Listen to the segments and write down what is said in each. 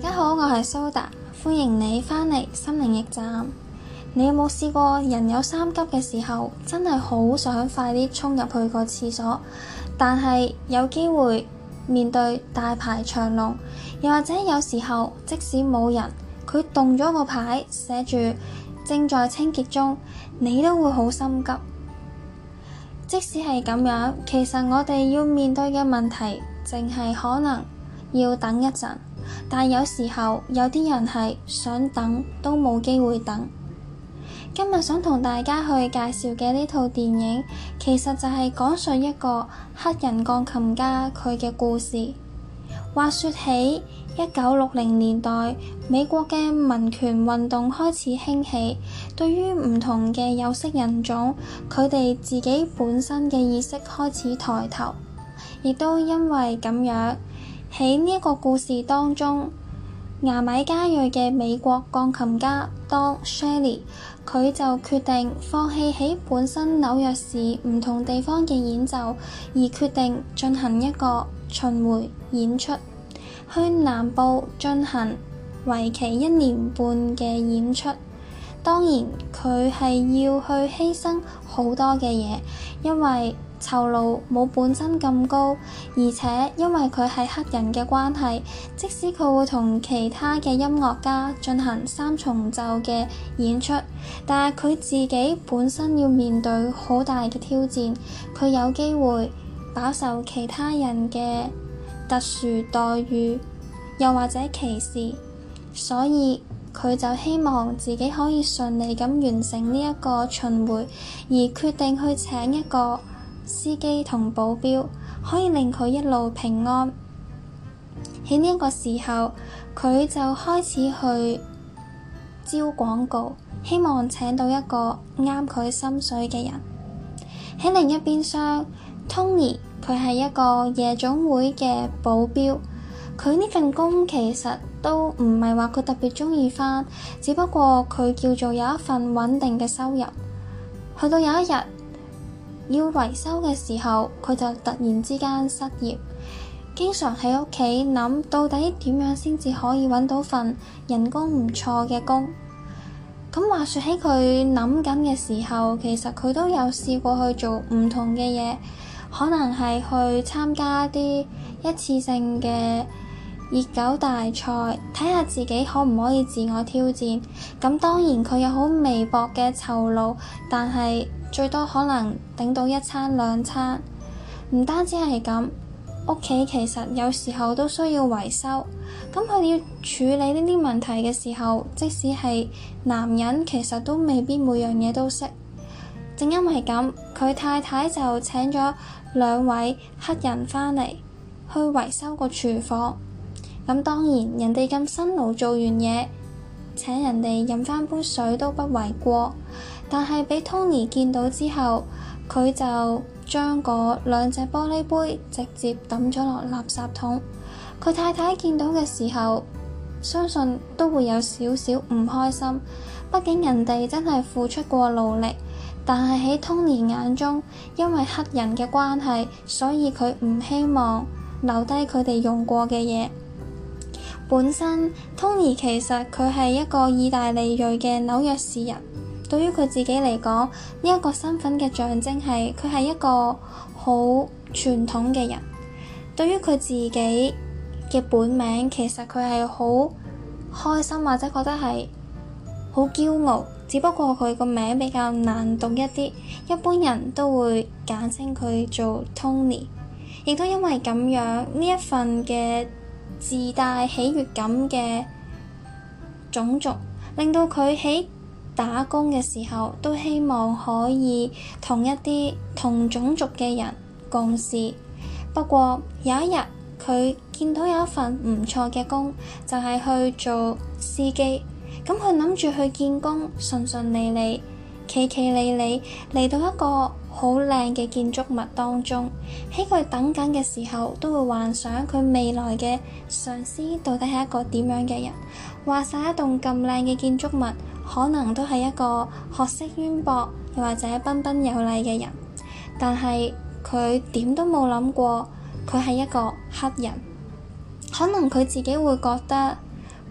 大家好，我係蘇打，歡迎你返嚟心靈驛站。你有冇試過人有三急嘅時候，真係好想快啲衝入去個廁所？但係有機會面對大排長龍，又或者有時候即使冇人，佢動咗個牌，寫住正在清潔中，你都會好心急。即使係咁樣，其實我哋要面對嘅問題，淨係可能要等一陣。但有時候有啲人係想等都冇機會等。今日想同大家去介紹嘅呢套電影，其實就係講述一個黑人鋼琴家佢嘅故事。話說起一九六零年代，美國嘅民權運動開始興起，對於唔同嘅有色人種，佢哋自己本身嘅意識開始抬頭，亦都因為咁樣。喺呢一個故事當中，牙買加裔嘅美國鋼琴家 Don Shirley，佢就決定放棄喺本身紐約市唔同地方嘅演奏，而決定進行一個巡迴演出，去南部進行為期一年半嘅演出。當然，佢係要去犧牲好多嘅嘢，因為酬勞冇本身咁高，而且因為佢係黑人嘅關係，即使佢會同其他嘅音樂家進行三重奏嘅演出，但係佢自己本身要面對好大嘅挑戰，佢有機會飽受其他人嘅特殊待遇，又或者歧視，所以佢就希望自己可以順利咁完成呢一個巡迴，而決定去請一個。司機同保鏢可以令佢一路平安。喺呢個時候，佢就開始去招廣告，希望請到一個啱佢心水嘅人。喺另一邊廂，Tony 佢係一個夜總會嘅保鏢，佢呢份工其實都唔係話佢特別鍾意返，只不過佢叫做有一份穩定嘅收入。去到有一日。要維修嘅時候，佢就突然之間失業，經常喺屋企諗到底點樣先至可以揾到份人工唔錯嘅工。咁話説喺佢諗緊嘅時候，其實佢都有試過去做唔同嘅嘢，可能係去參加啲一次性嘅熱狗大賽，睇下自己可唔可以自我挑戰。咁當然佢有好微薄嘅酬勞，但係，最多可能頂到一餐兩餐，唔單止係咁，屋企其實有時候都需要維修。咁佢要處理呢啲問題嘅時候，即使係男人，其實都未必每樣嘢都識。正因為咁，佢太太就請咗兩位黑人返嚟去維修個廚房。咁當然，人哋咁辛勞做完嘢，請人哋飲翻杯水都不為過。但係俾 Tony 見到之後，佢就將嗰兩隻玻璃杯直接抌咗落垃圾桶。佢太太見到嘅時候，相信都會有少少唔開心。畢竟人哋真係付出過努力，但係喺 Tony 眼中，因為黑人嘅關係，所以佢唔希望留低佢哋用過嘅嘢。本身 Tony 其實佢係一個意大利裔嘅紐約市人。對於佢自己嚟講，呢一個身份嘅象徵係佢係一個好傳統嘅人。對於佢自己嘅本名，其實佢係好開心或者覺得係好驕傲，只不過佢個名比較難讀一啲，一般人都會簡稱佢做 Tony。亦都因為咁樣呢一份嘅自帶喜悅感嘅種族，令到佢喺打工嘅時候都希望可以同一啲同種族嘅人共事，不過有一日佢見到有一份唔錯嘅工，就係去做司機，咁佢諗住去見工順順利利，企企理理嚟到一個。好靚嘅建築物當中，喺佢等緊嘅時候，都會幻想佢未來嘅上司到底係一個點樣嘅人。話晒一棟咁靚嘅建築物，可能都係一個學識淵博又或者彬彬有禮嘅人。但係佢點都冇諗過，佢係一個黑人。可能佢自己會覺得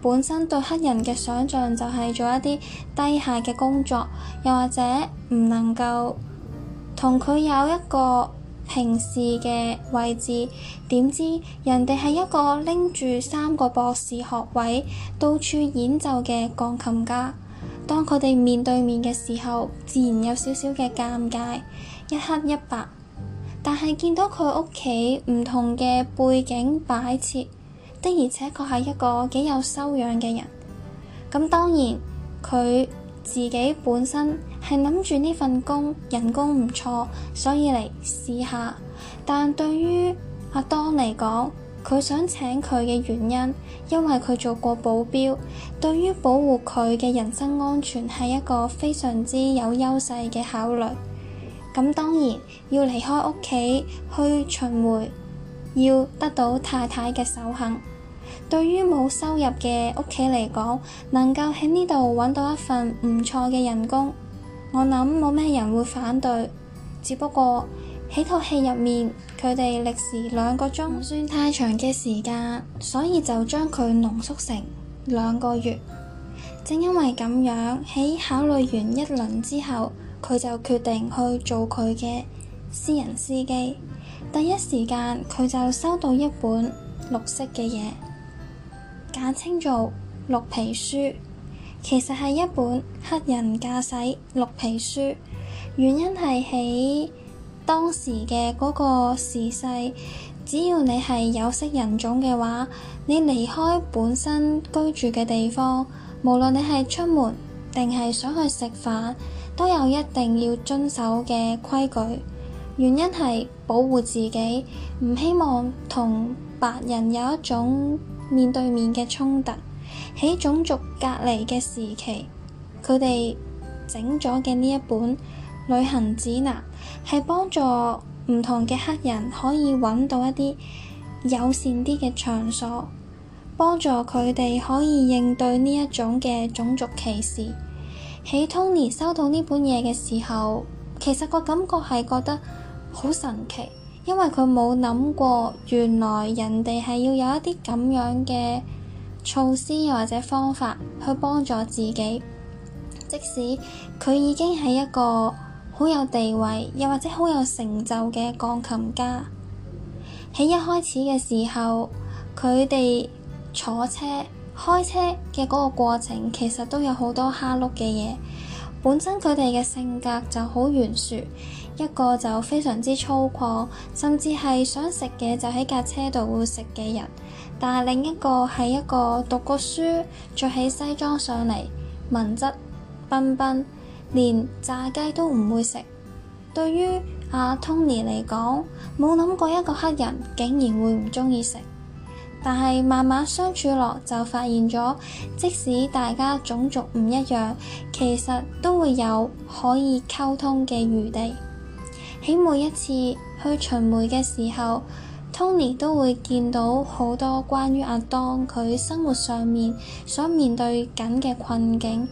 本身對黑人嘅想像就係做一啲低下嘅工作，又或者唔能夠。同佢有一個平視嘅位置，點知人哋係一個拎住三個博士學位，到處演奏嘅鋼琴家。當佢哋面對面嘅時候，自然有少少嘅尷尬，一黑一白。但係見到佢屋企唔同嘅背景擺設，的而且確係一個幾有修養嘅人。咁當然佢自己本身係諗住呢份工人工唔錯，所以嚟試下。但對於阿當嚟講，佢想請佢嘅原因，因為佢做過保鏢，對於保護佢嘅人身安全係一個非常之有優勢嘅考慮。咁當然要離開屋企去巡迴，要得到太太嘅首肯。對於冇收入嘅屋企嚟講，能夠喺呢度揾到一份唔錯嘅人工，我諗冇咩人會反對。只不過喺套戲入面，佢哋歷時兩個鐘唔算太長嘅時間，所以就將佢濃縮成兩個月。正因為咁樣，喺考慮完一輪之後，佢就決定去做佢嘅私人司機。第一時間，佢就收到一本綠色嘅嘢。簡稱做《綠皮書》，其實係一本黑人駕駛《綠皮書》。原因係喺當時嘅嗰個時勢，只要你係有色人種嘅話，你離開本身居住嘅地方，無論你係出門定係想去食飯，都有一定要遵守嘅規矩。原因係保護自己，唔希望同白人有一種面對面嘅衝突，喺種族隔離嘅時期，佢哋整咗嘅呢一本旅行指南，係幫助唔同嘅黑人可以揾到一啲友善啲嘅場所，幫助佢哋可以應對呢一種嘅種族歧視。喺 Tony 收到呢本嘢嘅時候，其實個感覺係覺得好神奇。因為佢冇諗過，原來人哋係要有一啲咁樣嘅措施，又或者方法去幫助自己。即使佢已經係一個好有地位，又或者好有成就嘅鋼琴家，喺一開始嘅時候，佢哋坐車、開車嘅嗰個過程，其實都有好多蝦碌嘅嘢。本身佢哋嘅性格就好懸殊。一個就非常之粗獷，甚至係想食嘅就喺架車度會食嘅人，但係另一個係一個讀過書着起西裝上嚟文質彬彬，連炸雞都唔會食。對於阿 Tony 嚟講，冇諗過一個黑人竟然會唔中意食。但係慢慢相處落就發現咗，即使大家種族唔一樣，其實都會有可以溝通嘅餘地。喺每一次去巡迴嘅時候，Tony 都會見到好多關於阿當佢生活上面所面對緊嘅困境，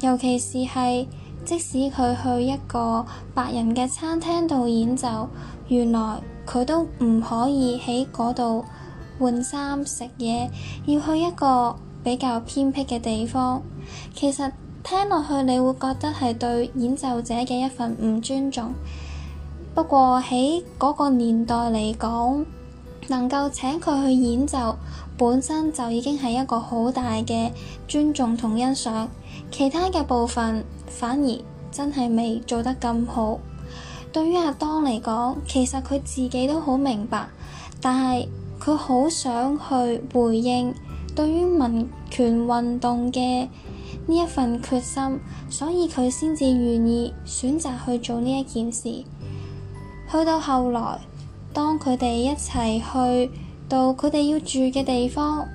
尤其是係即使佢去一個白人嘅餐廳度演奏，原來佢都唔可以喺嗰度換衫食嘢，要去一個比較偏僻嘅地方。其實聽落去，你會覺得係對演奏者嘅一份唔尊重。不過，喺嗰個年代嚟講，能夠請佢去演奏，本身就已經係一個好大嘅尊重同欣賞。其他嘅部分反而真係未做得咁好。對於阿當嚟講，其實佢自己都好明白，但係佢好想去回應對於民權運動嘅呢一份決心，所以佢先至願意選擇去做呢一件事。去到後來，當佢哋一齊去到佢哋要住嘅地方，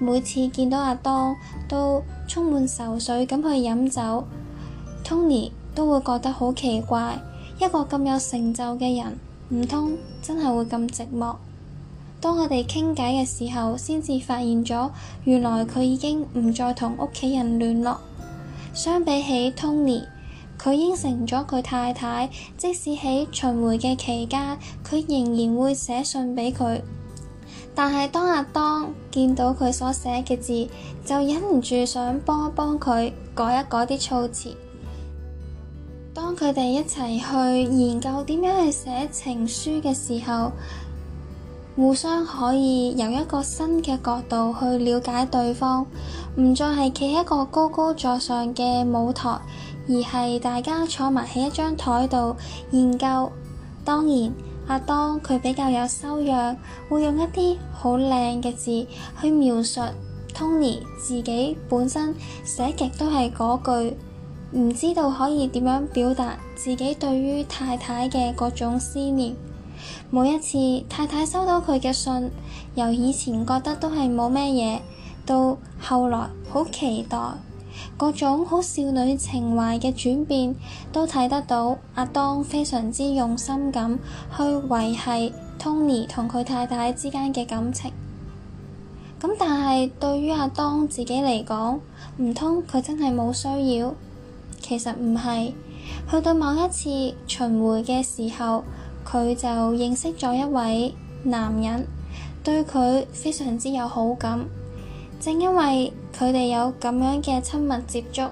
每次見到阿當都充滿愁緒咁去飲酒，Tony 都會覺得好奇怪，一個咁有成就嘅人，唔通真係會咁寂寞？當我哋傾偈嘅時候，先至發現咗，原來佢已經唔再同屋企人聯絡。相比起 Tony。佢應承咗佢太太，即使喺巡迴嘅期間，佢仍然會寫信畀佢。但係當阿當見到佢所寫嘅字，就忍唔住想幫幫佢改一改啲措辭。當佢哋一齊去研究點樣去寫情書嘅時候，互相可以由一個新嘅角度去了解對方，唔再係企喺一個高高在上嘅舞台，而係大家坐埋喺一張台度研究。當然，阿當佢比較有修養，會用一啲好靚嘅字去描述。Tony 自己本身寫極都係嗰句，唔知道可以點樣表達自己對於太太嘅各種思念。每一次太太收到佢嘅信，由以前覺得都係冇咩嘢，到後來好期待各種好少女情懷嘅轉變，都睇得到阿當非常之用心咁去維繫 Tony 同佢太太之間嘅感情。咁但係對於阿當自己嚟講，唔通佢真係冇需要？其實唔係，去到某一次巡迴嘅時候。佢就認識咗一位男人，對佢非常之有好感。正因為佢哋有咁樣嘅親密接觸，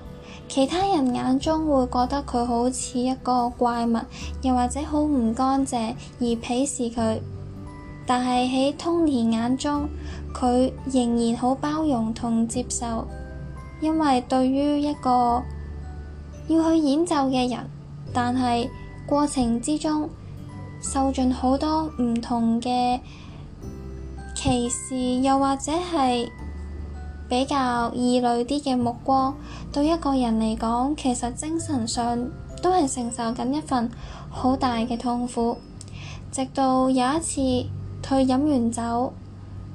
其他人眼中會覺得佢好似一個怪物，又或者好唔乾淨而鄙視佢。但係喺 Tony 眼中，佢仍然好包容同接受，因為對於一個要去演奏嘅人，但係過程之中，受盡好多唔同嘅歧視，又或者係比較異類啲嘅目光，對一個人嚟講，其實精神上都係承受緊一份好大嘅痛苦。直到有一次，佢飲完酒，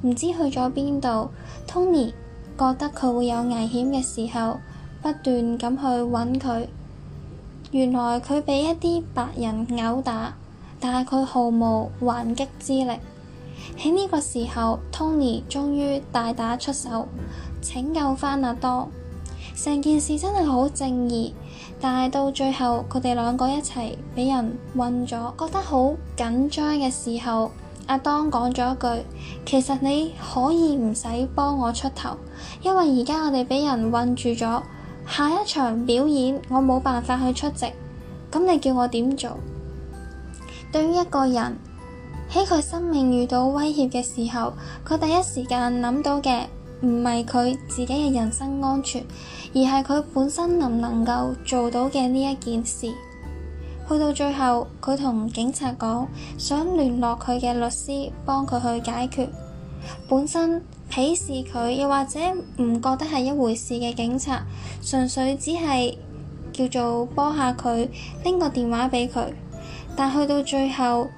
唔知去咗邊度。Tony 覺得佢會有危險嘅時候，不斷咁去揾佢。原來佢畀一啲白人毆打。但係佢毫無還擊之力。喺呢個時候，Tony 終於大打出手，拯救返阿當。成件事真係好正義，但係到最後佢哋兩個一齊俾人困咗，覺得好緊張嘅時候，阿當講咗一句：其實你可以唔使幫我出頭，因為而家我哋俾人困住咗，下一場表演我冇辦法去出席，咁你叫我點做？對於一個人喺佢生命遇到威脅嘅時候，佢第一時間諗到嘅唔係佢自己嘅人身安全，而係佢本身能唔能夠做到嘅呢一件事。去到最後，佢同警察講想聯絡佢嘅律師幫佢去解決。本身鄙視佢，又或者唔覺得係一回事嘅警察，純粹只係叫做幫下佢拎個電話畀佢。但去到最後，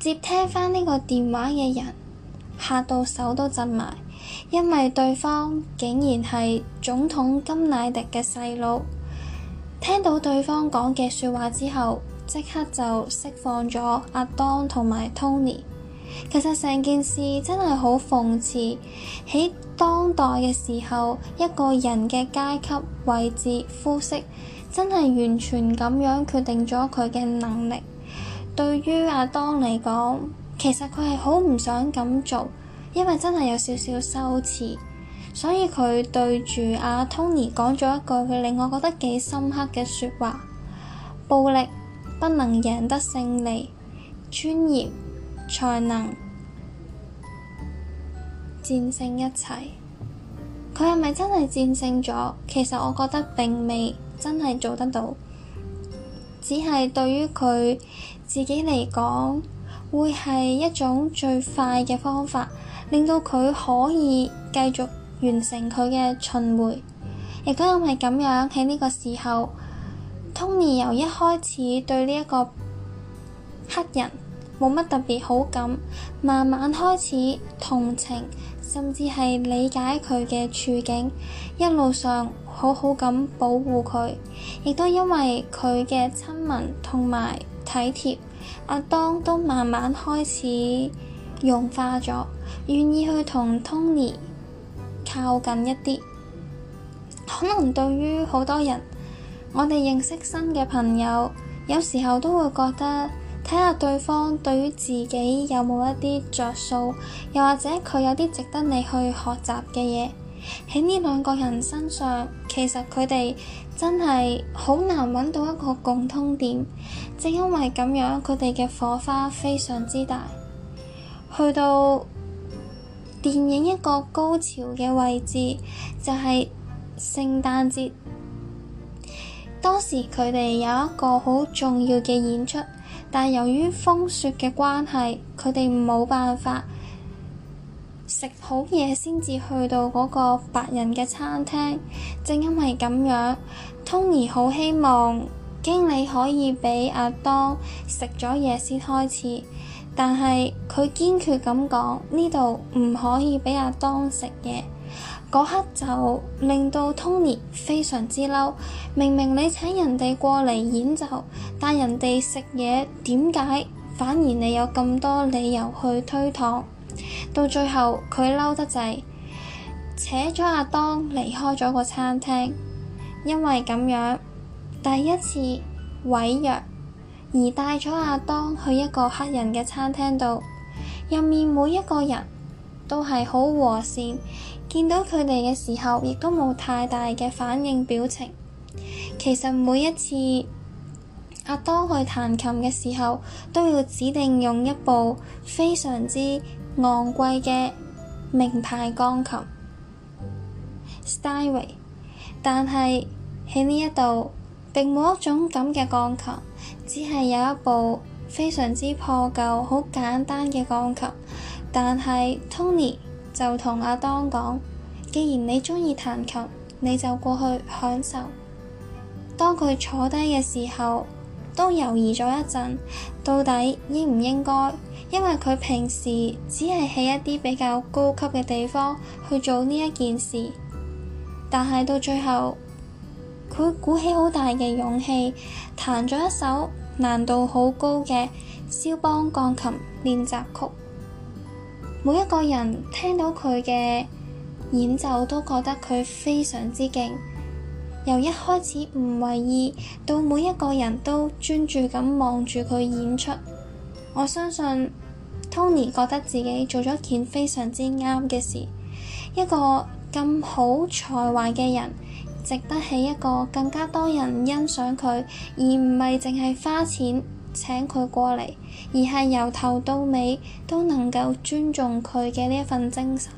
接聽翻呢個電話嘅人嚇到手都震埋，因為對方竟然係總統金乃迪嘅細佬。聽到對方講嘅説話之後，即刻就釋放咗阿當同埋 Tony。其實成件事真係好諷刺，喺當代嘅時候，一個人嘅階級位置、膚色。真係完全咁樣決定咗佢嘅能力。對於阿當嚟講，其實佢係好唔想咁做，因為真係有少少羞恥。所以佢對住阿 Tony 講咗一句佢令我覺得幾深刻嘅説話：暴力不能贏得勝利，專業才能戰勝一切。佢係咪真係戰勝咗？其實我覺得並未。真係做得到，只係對於佢自己嚟講會係一種最快嘅方法，令到佢可以繼續完成佢嘅巡迴。亦都因為咁樣喺呢個時候，Tony 由一開始對呢一個黑人冇乜特別好感，慢慢開始同情，甚至係理解佢嘅處境，一路上。好好咁保護佢，亦都因為佢嘅親民同埋體貼，阿當都慢慢開始融化咗，願意去同 Tony 靠近一啲。可能對於好多人，我哋認識新嘅朋友，有時候都會覺得睇下對方對於自己有冇一啲著數，又或者佢有啲值得你去學習嘅嘢。喺呢兩個人身上，其實佢哋真係好難揾到一個共通點。正因為咁樣，佢哋嘅火花非常之大。去到電影一個高潮嘅位置，就係聖誕節。當時佢哋有一個好重要嘅演出，但由於風雪嘅關係，佢哋冇辦法。食好嘢先至去到嗰個白人嘅餐廳，正因為咁樣，Tony 好希望經理可以畀阿當食咗嘢先開始，但係佢堅決咁講呢度唔可以畀阿當食嘢。嗰刻就令到 Tony 非常之嬲。明明你請人哋過嚟演奏，但人哋食嘢點解反而你有咁多理由去推搪？到最後佢嬲得滯，扯咗阿當離開咗個餐廳，因為咁樣第一次毀約，而帶咗阿當去一個黑人嘅餐廳度，入面每一個人都係好和善，見到佢哋嘅時候亦都冇太大嘅反應表情。其實每一次。阿當去彈琴嘅時候，都要指定用一部非常之昂貴嘅名牌鋼琴。Steinway，但係喺呢一度並冇一種咁嘅鋼琴，只係有一部非常之破舊、好簡單嘅鋼琴。但係 Tony 就同阿當講：既然你鍾意彈琴，你就過去享受。當佢坐低嘅時候。都猶豫咗一陣，到底應唔應該？因為佢平時只係喺一啲比較高級嘅地方去做呢一件事，但係到最後，佢鼓起好大嘅勇氣，彈咗一首難度好高嘅肖邦鋼琴練習曲。每一個人聽到佢嘅演奏，都覺得佢非常之勁。由一開始唔為意，到每一個人都專注咁望住佢演出，我相信 Tony 覺得自己做咗件非常之啱嘅事。一個咁好才華嘅人，值得起一個更加多人欣賞佢，而唔係淨係花錢請佢過嚟，而係由頭到尾都能夠尊重佢嘅呢一份精神。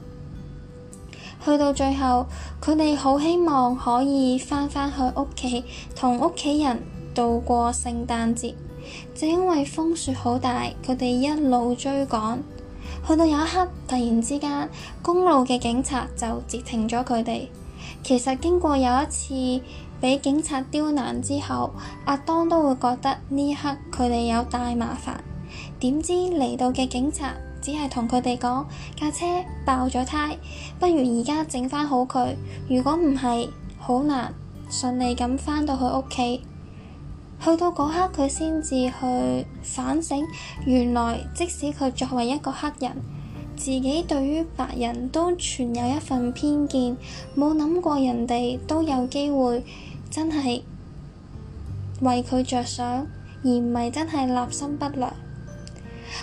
去到最後，佢哋好希望可以翻返去屋企，同屋企人度過聖誕節。正因為風雪好大，佢哋一路追趕，去到有一刻，突然之間，公路嘅警察就截停咗佢哋。其實經過有一次畀警察刁難之後，阿當都會覺得呢刻佢哋有大麻煩。點知嚟到嘅警察，只係同佢哋講架車爆咗胎，不如而家整翻好佢。如果唔係，好難順利咁返到佢屋企。去到嗰刻，佢先至去反省，原來即使佢作為一個黑人，自己對於白人都存有一份偏見，冇諗過人哋都有機會，真係為佢着想，而唔係真係立心不良。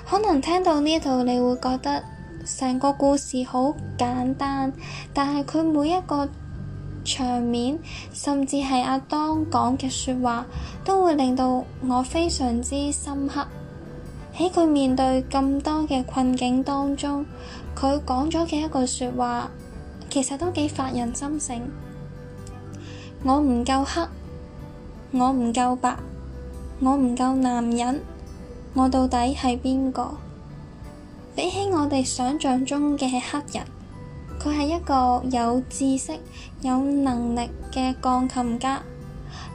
可能聽到呢度，你會覺得成個故事好簡單，但係佢每一個場面，甚至係阿當講嘅説話，都會令到我非常之深刻。喺佢面對咁多嘅困境當中，佢講咗嘅一句説話，其實都幾發人深省。我唔夠黑，我唔夠白，我唔夠男人。我到底係邊個？比起我哋想象中嘅黑人，佢係一個有知識、有能力嘅鋼琴家。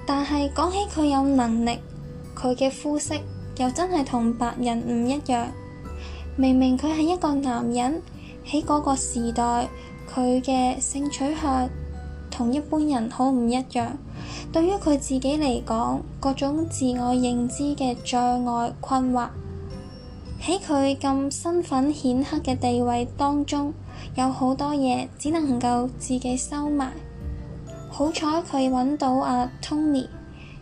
但係講起佢有能力，佢嘅膚色又真係同白人唔一樣。明明佢係一個男人，喺嗰個時代，佢嘅性取向同一般人好唔一樣。對於佢自己嚟講，各種自我認知嘅障礙困惑，喺佢咁身份顯赫嘅地位當中，有好多嘢只能夠自己收埋。好彩佢揾到阿、啊、Tony，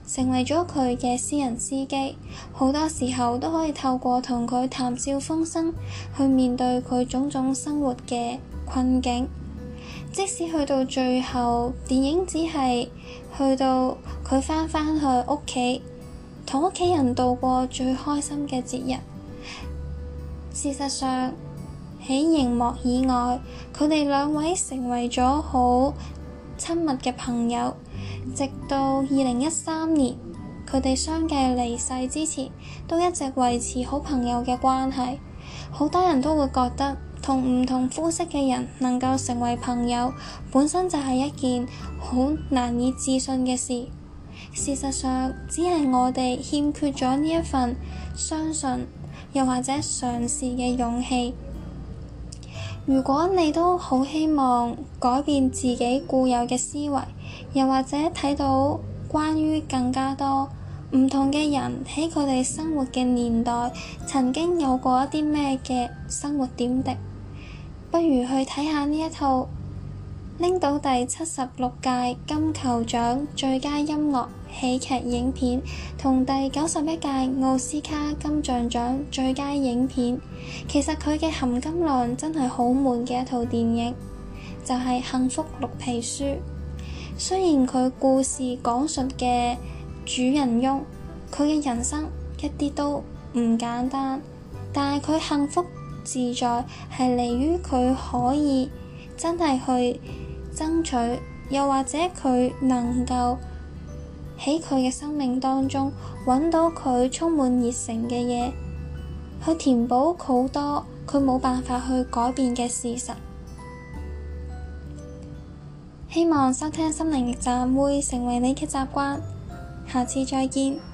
成為咗佢嘅私人司機，好多時候都可以透過同佢談笑風生，去面對佢種種生活嘅困境。即使去到最後，電影只係去到佢返返去屋企，同屋企人度過最開心嘅節日。事實上，喺熒幕以外，佢哋兩位成為咗好親密嘅朋友，直到二零一三年，佢哋相繼離世之前，都一直維持好朋友嘅關係。好多人都會覺得，同唔同膚色嘅人能夠成為朋友，本身就係一件好難以置信嘅事。事實上，只係我哋欠缺咗呢一份相信，又或者嘗試嘅勇氣。如果你都好希望改變自己固有嘅思維，又或者睇到關於更加多唔同嘅人喺佢哋生活嘅年代曾經有過一啲咩嘅生活點滴。不如去睇下呢一套拎到第七十六屆金球獎最佳音樂喜劇影片，同第九十一屆奧斯卡金像獎最佳影片。其實佢嘅含金量真係好滿嘅一套電影，就係《幸福綠皮書》，雖然佢故事講述嘅主人翁佢嘅人生一啲都唔簡單，但係佢幸福。自在係嚟於佢可以真係去爭取，又或者佢能夠喺佢嘅生命當中揾到佢充滿熱誠嘅嘢，去填補好多佢冇辦法去改變嘅事實。希望收聽心靈驛站會成為你嘅習慣，下次再見。